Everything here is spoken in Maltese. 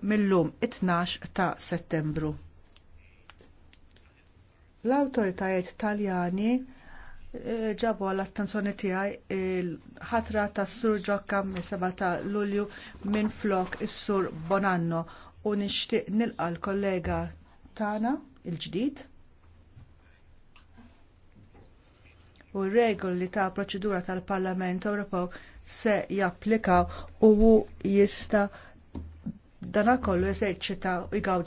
mill-lum 12 ta' settembru. l awtoritajiet taljani eh, ġabu għall attenzjoni tiegħi il-ħatra tas Sur Ġokka minn 7 ta' Lulju minn flok is-Sur Bonanno u nixtieq nilqa l-kollega tagħna il-ġdid. U r regoli ta' proċedura tal-Parlament Ewropew se japplikaw u jista' dan kollu eżerċita u jgawdi